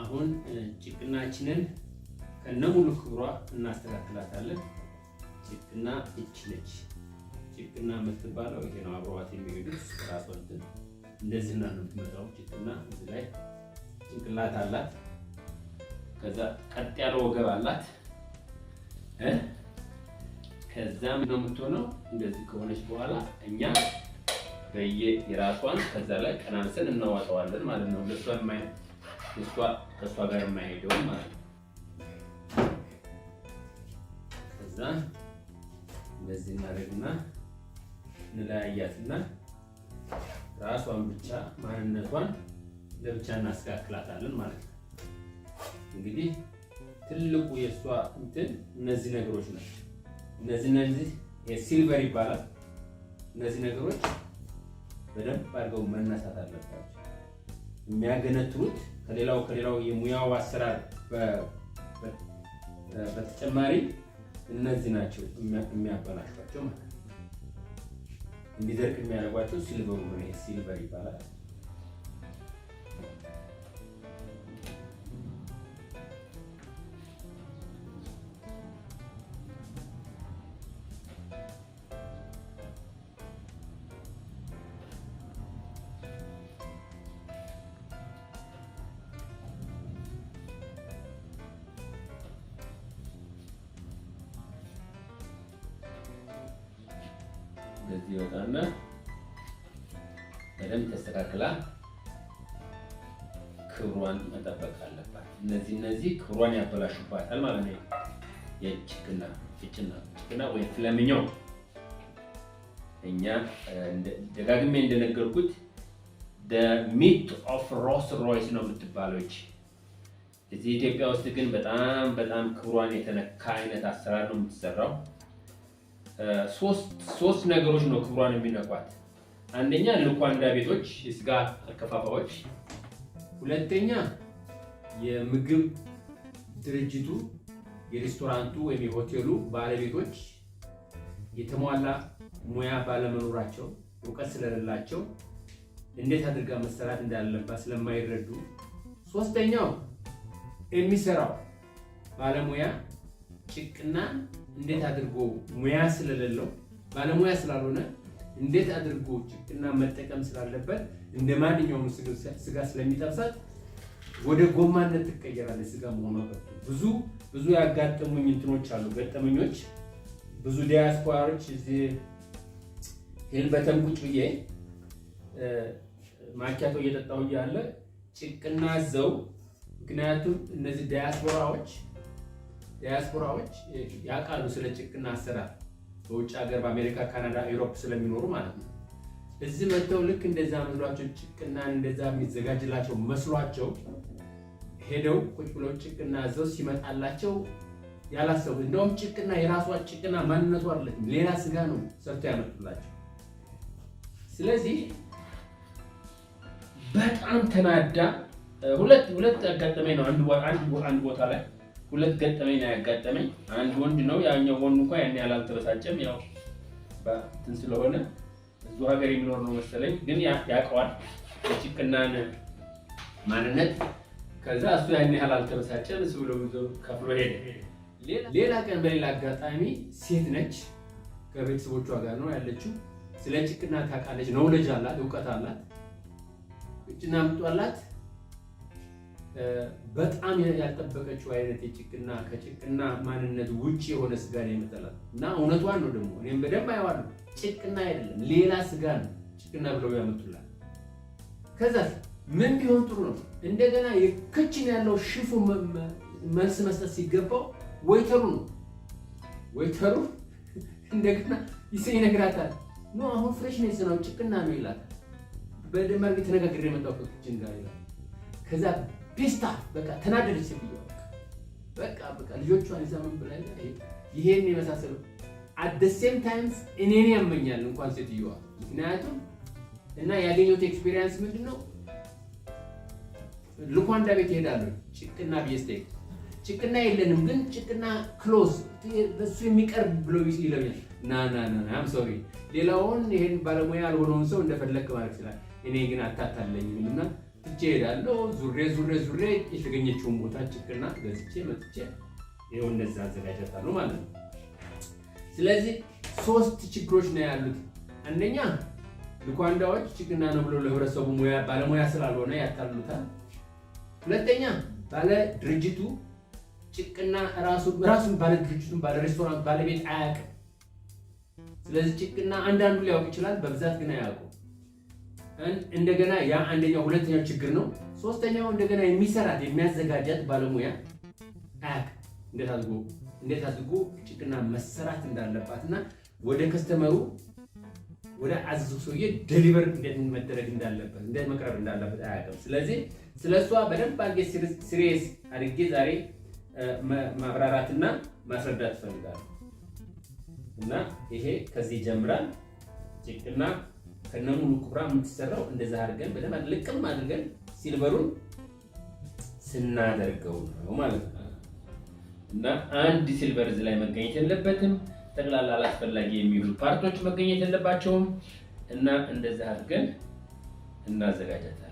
አሁን ጭቅናችንን ከነሙሉ ክብሯ እናስተካክላታለን። ጭቅና እች ነች። ጭቅና የምትባለው ይሄ ነው። አብረዋት የሚሄዱት ራሷን እንደዚህ ና ነው የምትመጣው። ጭቅና እዚህ ላይ ጭንቅላት አላት። ከዛ ቀጥ ያለ ወገብ አላት። ከዛም ነው የምትሆነው። እንደዚህ ከሆነች በኋላ እኛ በየ የራሷን ከዛ ላይ ቀናንሰን እናዋጠዋለን ማለት ነው። ለሷ የማይ እሷ ከሷ ጋር የማይሄደው ማለት ነው። ከዛ እንደዚህ እናደርግና እንለያያትና ራሷን ብቻ ማንነቷን ለብቻ እናስተካክላታለን ማለት ነው። እንግዲህ ትልቁ የእሷ እንትን እነዚህ ነገሮች ናቸው። እነዚህ እነዚህ ሲልቨር ይባላል እነዚህ ነገሮች በደንብ አድርገው መነሳት አለባቸው። የሚያገነትኑት ከሌላው ከሌላው የሙያው አሰራር በተጨማሪ እነዚህ ናቸው የሚያበላሿቸው ማለት ነው። እንዲደርቅ የሚያደርጓቸው ሲልቨሩ ሲልቨር ይባላል። ጭቅና ወይም ፍለምኛው እኛ ደጋግሜ እንደነገርኩት ሚት ኦፍ ሮስ ሮይስ ነው የምትባለች። እዚህ ኢትዮጵያ ውስጥ ግን በጣም በጣም ክብሯን የተነካ አይነት አሰራር ነው የምትሰራው። ሶስት ነገሮች ነው ክብሯን የሚነኳት። አንደኛ ልኳንዳ ቤቶች፣ የስጋ አከፋፋዮች፣ ሁለተኛ የምግብ ድርጅቱ የሬስቶራንቱ ወይም የሆቴሉ ባለቤቶች የተሟላ ሙያ ባለመኖራቸው እውቀት ስለሌላቸው እንዴት አድርጋ መሰራት እንዳለባት ስለማይረዱ፣ ሶስተኛው የሚሰራው ባለሙያ ጭቅና እንዴት አድርጎ ሙያ ስለሌለው ባለሙያ ስላልሆነ እንዴት አድርጎ ጭቅና መጠቀም ስላለበት እንደ ማንኛውም ስጋ ስለሚጠብሳት ወደ ጎማነት ትቀየራለች ስጋ መሆኗ። ብዙ ብዙ ያጋጠሙኝ እንትኖች አሉ ገጠመኞች። ብዙ ዲያስፖራዎች እዚህ ሄልበተን ቁጭ ብዬ ማኪያቶ እየጠጣሁ ያለ ጭቅና ዘው ምክንያቱም እነዚህ ዲያስፖራዎች ዲያስፖራዎች ያውቃሉ ስለ ጭቅና አሰራር በውጭ ሀገር በአሜሪካ፣ ካናዳ፣ ዩሮፕ ስለሚኖሩ ማለት ነው። እዚህ መጥተው ልክ እንደዛ መስሏቸው ጭቅና እንደዛ የሚዘጋጅላቸው መስሏቸው ሄደው ቁጭ ብለው ጭቅና ዘው ሲመጣላቸው ያላሰቡ እንደውም ጭቅና የራሷ ጭቅና ማንነቱ አይደለችም፣ ሌላ ስጋ ነው ሰርቶ ያመጡላቸው። ስለዚህ በጣም ተናዳ ሁለት ሁለት ያጋጠመኝ ነው። አንድ ቦታ ላይ ሁለት ገጠመኝ ነው ያጋጠመኝ። አንድ ወንድ ነው ያኛው ወንድ እንኳን ያን ያህል አልተበሳጨም። ያው እንትን ስለሆነ እዙ ሀገር የሚኖር ነው መሰለኝ፣ ግን ያውቀዋል የጭቅናን ማንነት ከዛ እሱ ያን ያህል አልተበሳጨም። ስ ብሎ ብዙ ከፍሎ ሄደ። ሌላ ቀን በሌላ አጋጣሚ ሴት ነች፣ ከቤተሰቦቿ ጋር ነው ያለችው። ስለ ጭቅና ታውቃለች፣ ልጅ አላት፣ እውቀት አላት። እጭና ምጧላት በጣም ያልጠበቀችው አይነት የጭቅና ከጭቅና ማንነት ውጭ የሆነ ስጋ ነው የመጣላት እና እውነቷን ነው ደግሞ እኔም በደንብ አይዋለሁ። ጭቅና አይደለም ሌላ ስጋ ነው ጭቅና ብለው ያመጡላት ከዛ ምን ቢሆን ጥሩ ነው? እንደገና የክችን ያለው ሽፉ መልስ መስጠት ሲገባው ወይተሩ ነው ወይተሩ እንደገና ይሰ ይነግራታል። ኖ አሁን ፍሬሽ ነው የሰናው ጭቅና ነው ይላል። በደንብ አድርጌ ተነጋግሬ የመጣው ከችን ጋር ይላል። ከዛ ፔስታ በቃ ተናደደች ሴትዮዋ። በቃ በቃ ልጆቿን ይዛ ምን ብላ ይሄን የመሳሰሉ አት ሴም ታይምስ እኔን ያመኛል እንኳን ሴትዮዋ ምክንያቱም እና ያገኘሁት ኤክስፔሪንስ ምንድን ነው ልኳንዳ ቤት ይሄዳሉ። ጭቅና ቢስቴክ ጭቅና የለንም ግን ጭቅና ክሎዝ በሱ የሚቀርብ ብሎ ይለኛል። ና ና ና አም ሶሪ ሌላውን ይሄን ባለሙያ ያልሆነውን ሰው እንደፈለግ ማለት ይችላል። እኔ ግን አታታለኝም እና ትቼ እሄዳለሁ። ዙሬ ዙሬ ዙሬ የተገኘችውን ቦታ ጭቅና ገዝቼ መጥቼ ይኸው እንደዛ አዘጋጃታለሁ ማለት ነው። ስለዚህ ሶስት ችግሮች ነው ያሉት። አንደኛ ልኳንዳዎች ጭቅና ነው ብሎ ለህብረተሰቡ ባለሙያ ስላልሆነ ያታሉታል። ሁለተኛ ባለ ድርጅቱ ጭቅና ራሱን ባለ ድርጅቱን ባለ ሬስቶራንት ባለቤት አያውቅም። ስለዚህ ጭቅና አንዳንዱ ሊያውቅ ይችላል፣ በብዛት ግን አያውቁም። እንደገና ያ አንደኛው ሁለተኛው ችግር ነው። ሶስተኛው እንደገና የሚሰራት የሚያዘጋጃት ባለሙያ አያውቅም እንዴት አድርጎ እንዴት አድርጎ ጭቅና መሰራት እንዳለባትና ወደ ከስተመሩ ወደ አዘዘው ሰውዬ ደሊቨር መደረግ እንዳለበት እንዴት መቅረብ እንዳለበት አያውቅም። ስለዚህ ስለሷ በደንብ አድርጌ ሲሪየስ አድርጌ ዛሬ ማብራራትና ማስረዳት ፈልጋለሁ። እና ይሄ ከዚህ ጀምራል። ጭቅና ከነሙሉ ኩብራ የምትሰራው እንደዛ አድርገን በደንብ ልቅም አድርገን ሲልበሩን ስናደርገው ነው ማለት ነው እና አንድ ሲልቨር እዚህ ላይ መገኘት የለበትም። ጠቅላላ አላስፈላጊ የሚሆኑ ፓርቶች መገኘት የለባቸውም እና እንደዚህ አድርገን እናዘጋጃታለን።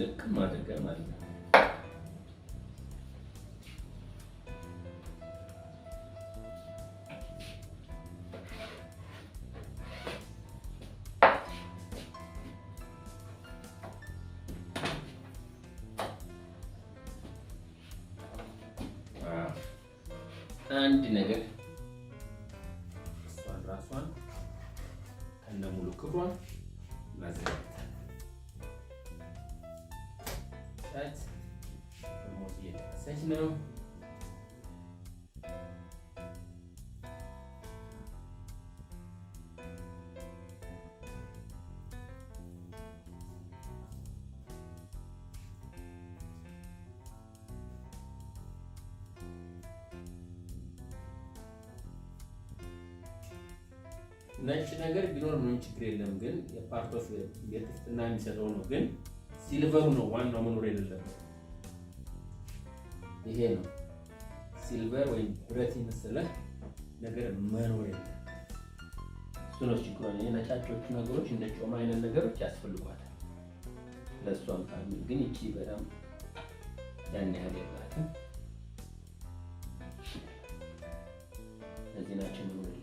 ልክም አድርገን ማለት ነው። አንድ ነገር ነጭ ነገር ቢኖር ምንም ችግር የለም። ግን የፓርት ኦፍ የጥፍጥና የሚሰጠው ነው። ግን ሲልቨሩ ነው ዋናው መኖር የሌለበት ይሄ ነው። ሲልቨር ወይም ብረት የመሰለ ነገር መኖር የለም። እሱ ነው ችግሯ። የነጫጮቹ ነገሮች እንደ ጮማ አይነት ነገሮች ያስፈልጓል። ለእሷም ካሚ ግን ይቺ በጣም ያን ያህል የላትም። እነዚህ ናቸው መኖር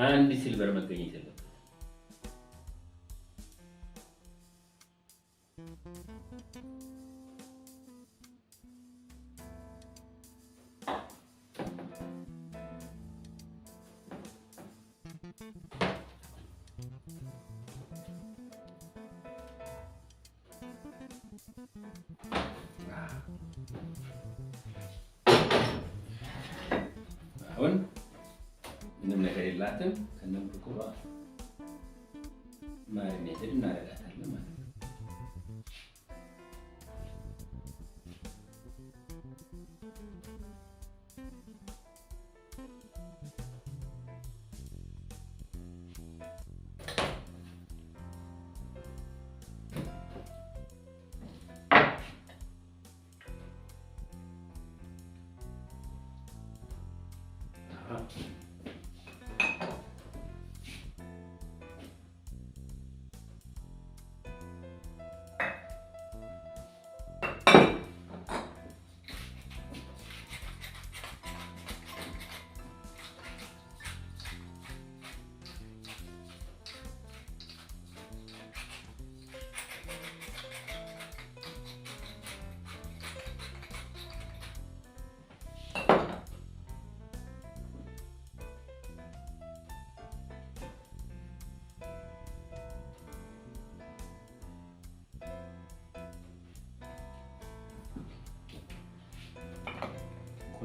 and silver में कहीं चलो one መነሻ የላትም። ከነምርኩሯ ማሪኔትድ እናደርጋለን።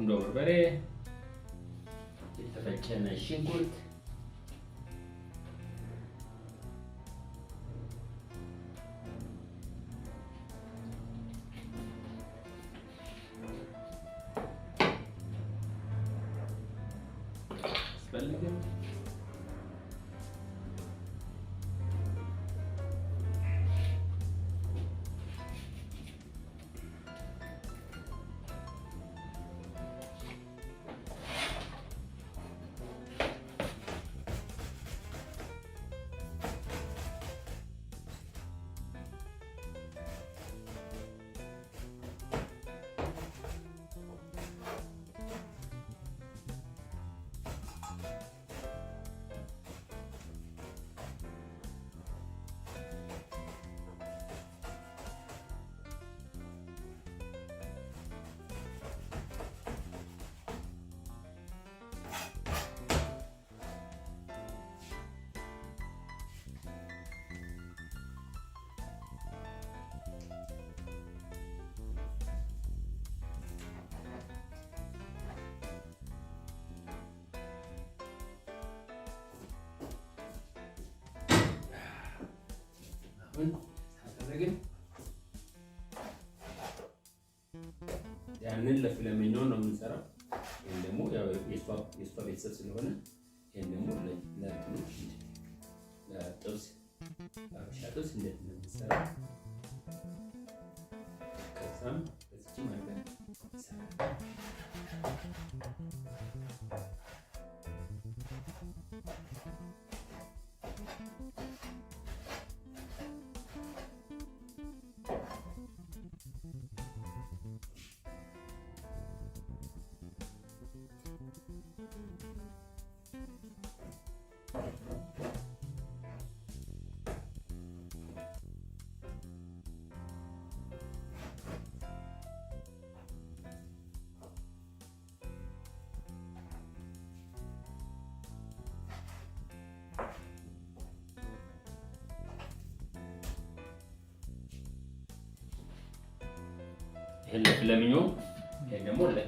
ቁንዶ በርበሬ፣ የተፈጨ ነጭ ሽንኩርት፣ አስፈልግም አሁን ካደረግን ያንን ለፍለመኛውን ነው የምንሰራው። ወይም ደግሞ የእሷ ቤተሰብ ስለሆነ en el en el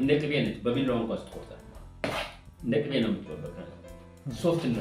እንደ ቅቤ ነች። በቢላዋ እንኳን ስትቆርጣ እንደ ቅቤ ነው የምትቆርጠው። ሶፍት እና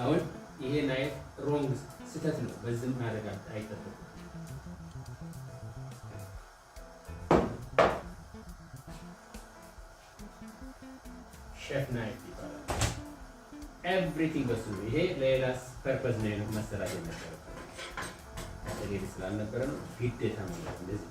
አሁን ይሄ ናይፍ ሮንግ ስህተት ነው። በዚህም ማድረግ አይጠበቅም። ሼፍ ናይፍ ይባላል። ኤቭሪቲንግ ይሄ ለሌላ ፐርፐዝ ነው መሰራት የነበረው። ማስተካከል ስላልነበረ ነው ግዴታ ነው እንደዚህ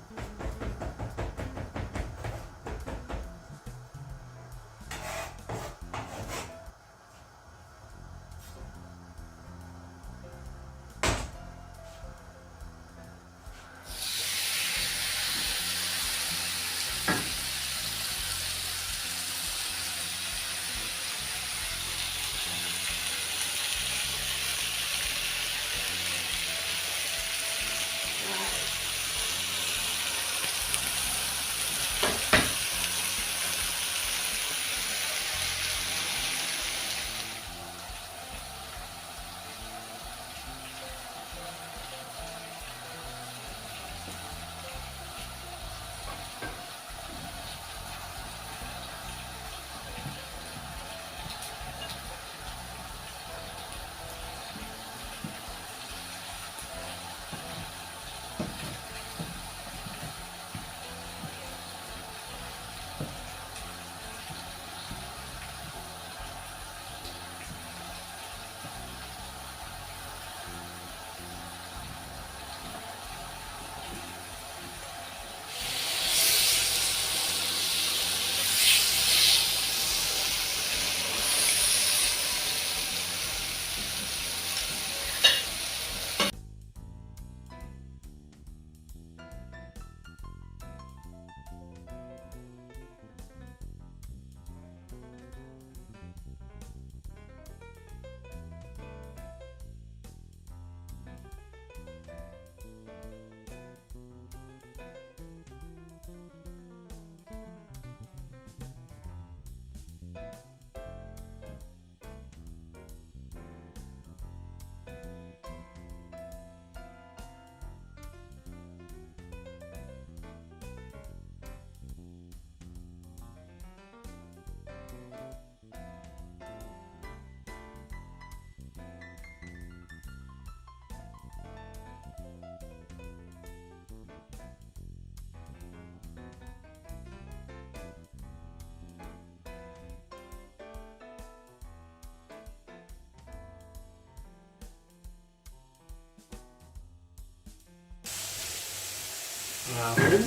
አሁንም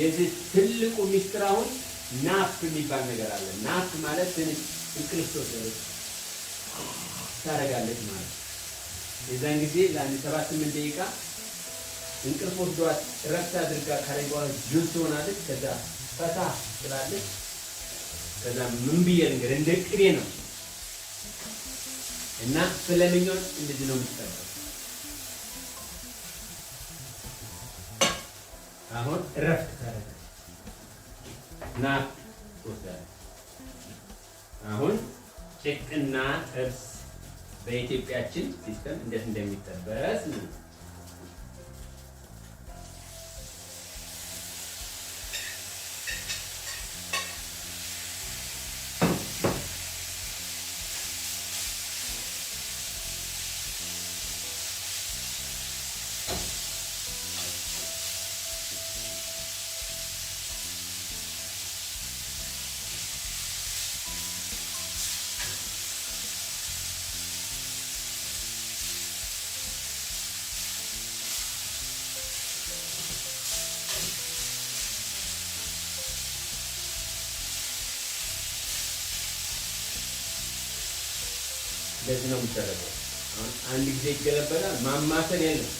የዚህ ትልቁ ሚስጥር አሁን ናፍ የሚባል ነገር አለ። ናፍ ማለት ትንሽ ክርስቶስ ትወስዳለች ታደርጋለች ማለት የዛን ጊዜ ለአንድ ሰባት ስምንት ደቂቃ እንቅልፍ ወስዷት እረፍት አድርጋ ካላይ በኋላ ጁስ ትሆናለች። ከዛ ፈታ ትላለች። ከዛ ምን ብዬ ነገር እንደ ቅቤ ነው እና ስለምኞን እንደዚህ ነው የምትጠራው አሁን እረፍት ታደርግ ና ወስዳለች። አሁን ጭቅና ጥርስ በኢትዮጵያችን ሲስተም እንዴት እንደሚጠበስ እንደዚህ ነው የሚደረገው። አሁን አንድ ጊዜ ይገለበጣል። ማማተን የለም።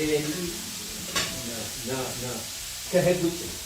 ይሄ ና ና ከህግ ውጭ ነው።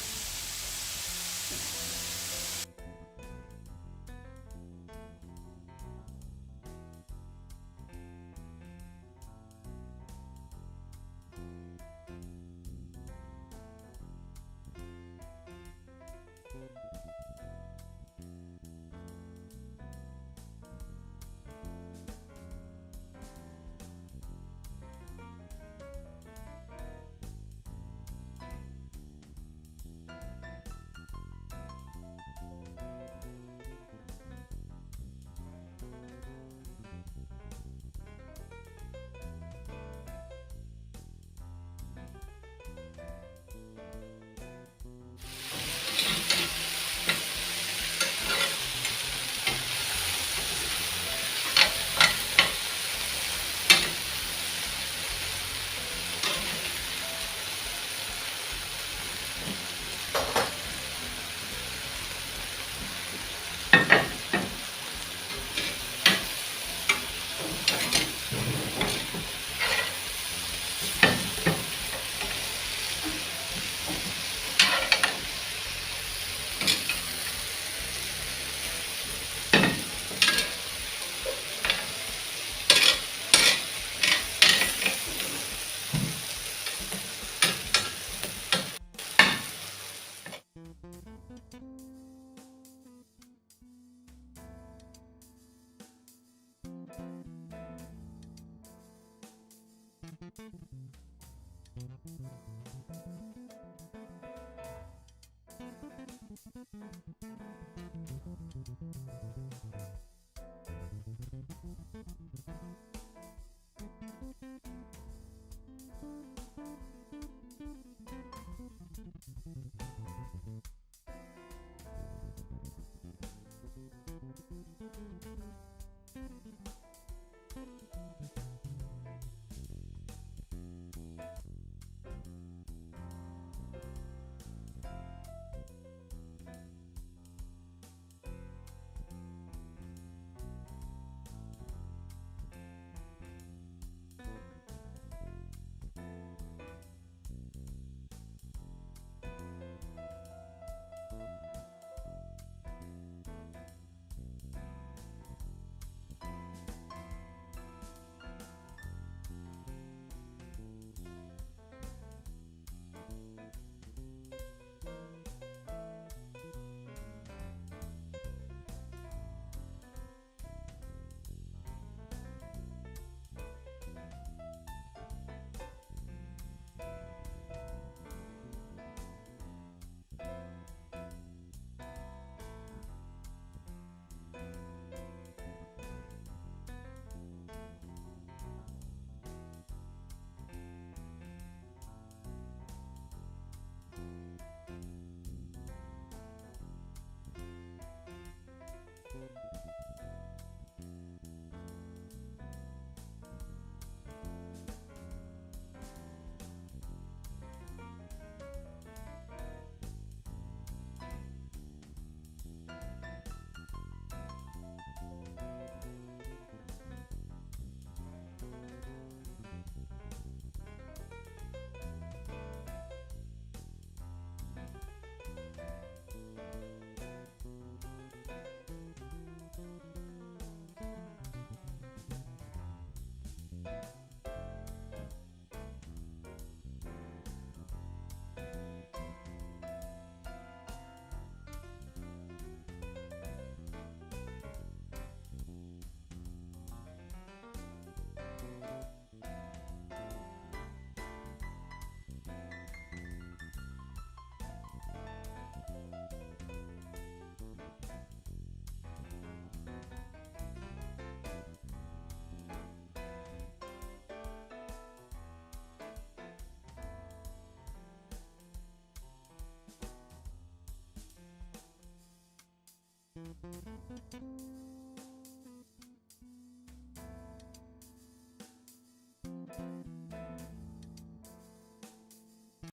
Thank you.